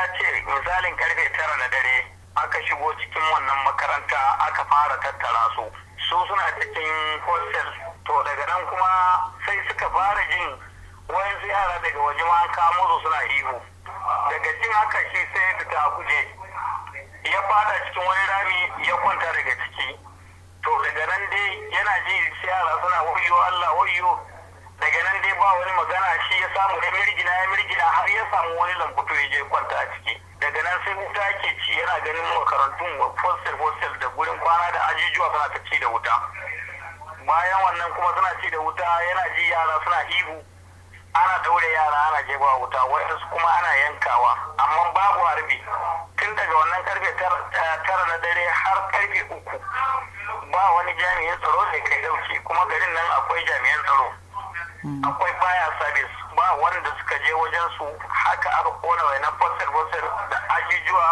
ya ce misalin karfe tara na dare aka shigo cikin wannan makaranta aka fara tattara su su suna cikin hostel to daga nan kuma sai suka fara jin wayansu yara daga waje ma an kamo su suna ihu daga cin haka shi sai ya fita kuje ya fada cikin wani rami ya kwanta daga ciki to daga nan dai yana ji yara suna wayo Allah wayo daga nan dai ba wani magana shi ya samu ya mirgina ya mirgina samu wani lambutu ya je kwanta a ciki daga nan sai wuta ke ci yana ganin makarantun hostel hostel da gurin kwana da ajijuwa suna ta ci da wuta bayan wannan kuma suna ci da wuta yana ji yara suna ihu ana daure yara ana jefa wuta wasu kuma ana yankawa amma babu harbi tun daga wannan karfe eh, tara na dare har karfe uku ba wani jami'in tsaro ne kai dauke kuma garin nan akwai jami'an tsaro hmm. akwai baya sabis waɗanda suka je wajen su haka aka kona wayannan fosil-fosil da ajijuwa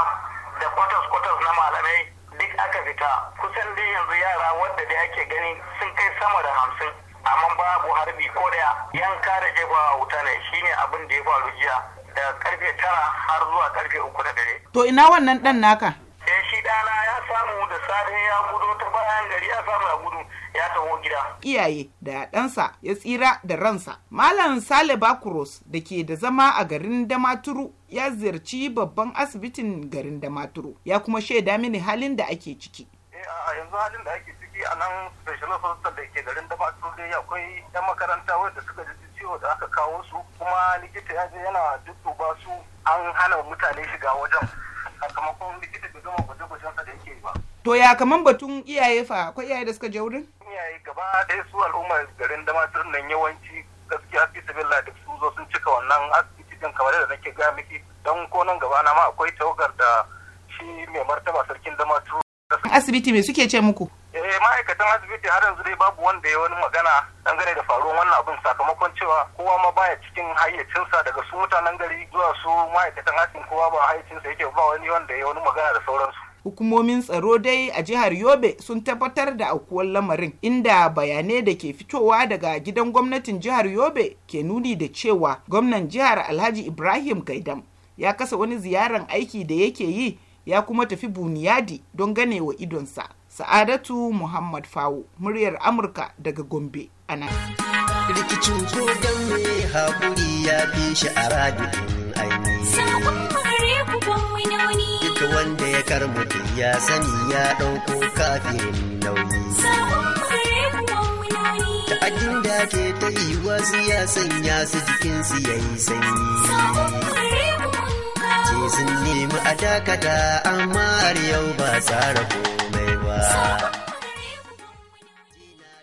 da kwatas kwatas na malamai duk aka fita kusan dai yanzu yara wadda dai ake gani sun kai sama da hamsin amma babu harbi ko da yanka da jefawa wuta ne shine abin da ya faru jiya da karfe tara har zuwa karfe uku na dare. To ina wannan dan naka? Eh shi ɗana ya samu da safe ya gudo ta bayan gari ya samu komo gida. Iyaye da ɗansa ya tsira da ransa. Malam Sale Bakuros da ke da zama a garin Damaturu ya ziyarci babban asibitin garin Damaturu ya kuma shaida mini halin da ake ciki. Eh, a yanzu halin da ake ciki a nan special hospital da ke garin Damaturu dai akwai 'yan makaranta wadda suka ji ciwo da aka kawo su kuma likita ya je yana dudduba su an hana mutane shiga wajen sakamakon likita bai gama gwaje sa da yake ba. To ya kaman batun iyaye fa akwai iyaye da suka je wurin? gaba ɗaya su al'ummar garin damatar nan yawanci gaskiya fi sabilla duk sun zo sun cika wannan asibitin kamar yadda nake gaya miki don ko nan gaba na ma akwai tawagar da shi mai martaba sarkin damatar asibiti me suke ce muku eh ma'aikatan asibiti har yanzu dai babu wanda ya wani magana dangane da faruwar wannan abin sakamakon cewa kowa ma baya cikin hayyacinsa daga su mutanen gari zuwa su ma'aikatan asibiti kowa ba hayyacinsa yake ba wani wanda ya wani magana da sauransu hukumomin tsaro dai a jihar yobe sun tabbatar da aukuwar lamarin inda bayanai da ke fitowa daga gidan gwamnatin jihar yobe ke nuni da cewa gwamnan jihar alhaji ibrahim gaidam ya kasa wani ziyaran aiki da yake yi ya kuma tafi buniyadi don gane wa idonsa sa'adatu muhammad fawo muryar amurka daga gombe a nan rikicin ko ya fi shi a rabin mutum ya sani ya ɗauko kafin nauyi. Ta'addin da ke ta yi wasu ya sanya su jikinsu ya yi sanyi. Ce sun nemi a dakata amma har yau ba tsara komai ba.